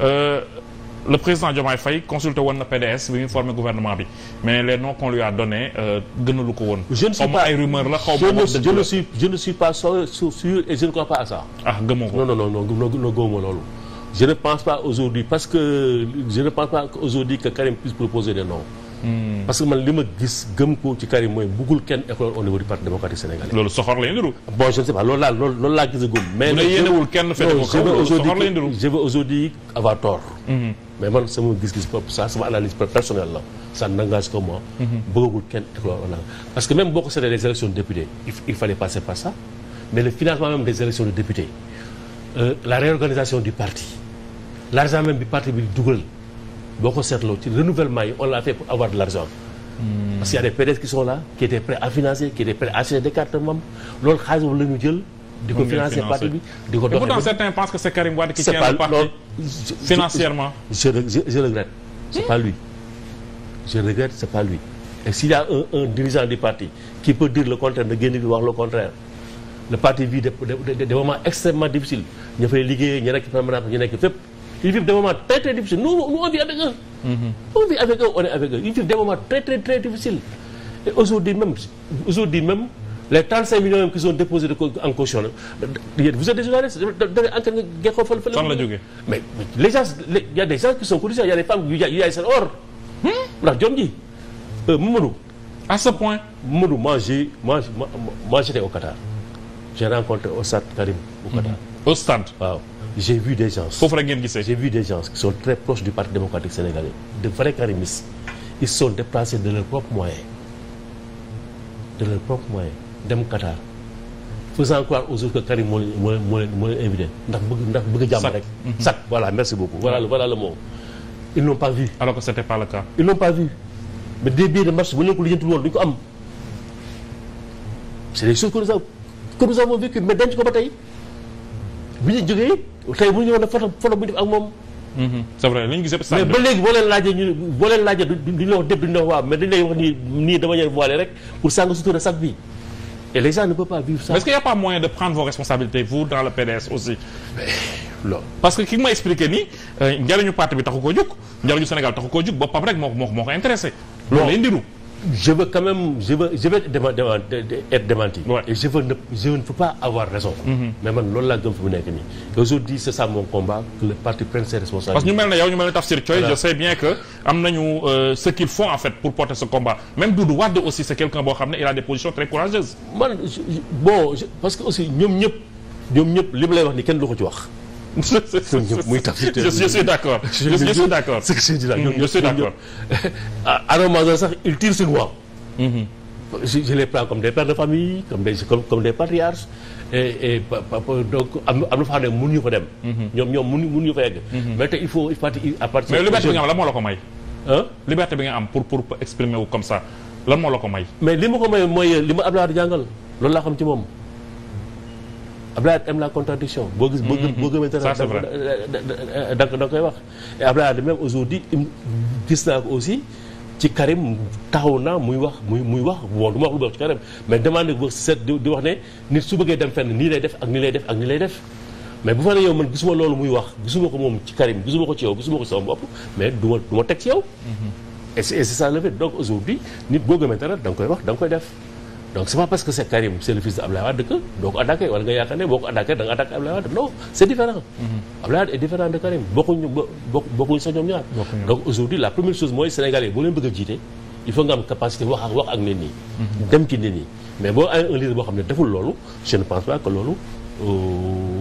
Euh, le président Diomaye Faye consulté woon na PDS bi muy formé gouvernement bi mais les noms qu'on lui a donné euh, gënalu ko woon. je ne suis pas ay rumeur la xaw ma je ne suis je ne suis pas sûr sûr et je ne crois pas a ça. ah gëmoo ko non non non non loolu. je ne pense pas aujourd'hui parce que je ne pense pas aujourd'hui que Karim puisse proposer des noms. Hmm. Mm. parce que man li ma gis gëm ko ci Karim mooy buggul kenn école au niveau du parti démocratique sénégalais. loolu soxor lay niru. bon je ne pas loolu laa loolu laa gis a góob. mais nag yéenewul kenn fekk soxor lay niru je veux aujourd'hui avoir mm-hmm. mais man sama gis-gis bopp ça sama analyse personnelle la ça n'engage que moi. Mm-hmm. bëggagul kenn école au parce que même boo ko seetee les élections de députés il fallait passer par ça mais le financement euh, la réorganisation du parti l'argent bi parti boo ko seetloo ci renouvellement yi on l'a fait pour avoir de l'argent hmm. parce qu'il y a des PDS qui sont là qui étaient prêts à financer qui étaient prêts à acheter des cartes membres loolu xaalis boobu jël di ko financer parti bi di ko doxee que c'est Karim Wade qui le parti financièrement je je regrette c'est pas lui je regrette c'est pas lui et s'il y un dirigeant du parti qui peut dire le contraire na génn bi wax le contraire le parti vit des moments extrêmement difficiles ña fay liggéeyee ils vivent des moments très très difficiles nous, nous on vit avec eux mm-hmm. on vit avec eux on est avec eux ils vivent des moments très très très difficiles et aujourd'hui même aujourd'hui même les 35 millions yooyu qu'ils ont déposé de en caution la yéen vous êtes des journalistes da da da nga geekoo fële fële. fan la jógee mais les gens les y a des gens qui sont corrigés y a des femmes yu yaay seen or. Hmm? ndax jom ji euh, Mamadou. à ce point. Mamadou moi j'ai moi moi j'étais au Qatar j'ai rencontré au stade Karim. au Qatar mm-hmm. au stade waaw. j'ai vu des gens. foofu la ngeen gisee. j'ai vu des gens qui sont très de vrais dem Qatar. faisant croire aux autres moo leen moo ndax bëgg ndax bëgg jàmm rek. Mhm. sac voilà merci beaucoup voilà voilà le mot. ils n'ont pas vu. alors que c'était pas le cas. ils n'ont pas vu de bu ñu ko lijjantul woon du ko am c'est des choses que nous avons que nous avons vécu ko ba tey bi ñu jógee. tey bu ñu ñëwoon photo photo bu ñu def ak moom. Mhm. c'est vrai li ñu gis mais ba léegi boo leen laajee ñu boo leen laajee duñ la wax dépp duñ la waaw mais dañ lay wax nii nii dama ñëw voilé rek pour sàng sutura sac bi et les gens ne peuvent pas vivre ça. est-ce qu'il parce que ki ma expliqué nii euh, njëriñu parti bi taxu koo jóg njëriñu Sénégal taxu koo jóg boppam rek moo moo ko moo loolu lay ndiru je veux quand même je veux je vais être démenti. Ouais. et je veux ne je ne peux pas avoir raison. Mm mais man loolu laa gëm fi mu nekk nii. aujourd'hui c'est ça mon combat que le parti prenne ses responsabilités. parce que ñu mel ne yow ñu mel ne Tafsir Thioye je sais bien que am nañu euh, ce qu'ils font en fait pour porter ce combat même Doudou Wade aussi c'est quelqu'un boo xam ne il a des positions très courageuses. man parce que aussi ñoom ñëpp ñoom ñëpp li lay wax ni kenn du ko ci wax. muy tax je suis d'accord je suis d'accord je suis sax il tire sur moi mhm. je je les comme des pères famille comme des comme donc am na foo xam ne mënuñu fa dem. Mhm. ñoom ñoom mënuñu mënuñu fa yegg. Mhm. mais te il faut il faut à partir. mais liberté bi nga am pour pour exprimer wu comme ça lan moo la ko may. mais li ma ko may mooy li ma Abdoulaye jàngal loolu laa xam ci moom. Abdoulaye aime la contradiction boo gis boo mm-hmm. boo gëmee dara da nga koy wax et Abdoulaye même aujourd'hui gis naa ko aussi ci Karim taxaw naa muy wax muy muy wax bon du wax lu wax ci Karim mais demandé ko seet di wax ne nit su bëggee dem fenn nii lay def ak nii lay def ak nii lay def mais bu fa ne yow man gisuma loolu muy wax gisuma ko moom ci Karim gisuma ko ci yow gisuma ko sama bopp mais du ma du ma teg ci yow mm-hmm. et c'est ça le fait donc aujourd'hui nit boo gëmee dara da nga koy wax da nga koy def donc c'est pas parce que c'est Karim c'est le fils de Abdoulaye Wade que doo ko attaqué wala nga yaakaar ne boo ko attaqué da nga attaqué Abdoulaye Wade non c'est différent mhm. Abdoulaye Wade est différent de Karim bokkuñu bokkuñu sa ñoom ñaar donc aujourd'hui la première chose mooy Sénégalais boo leen bëgg a jiite il faut nga am capacité wax ak wax ak nit ñi mhm. dem ci nit ñi mais boo amee un leader boo xam ne deful loolu je ne que loolu euh,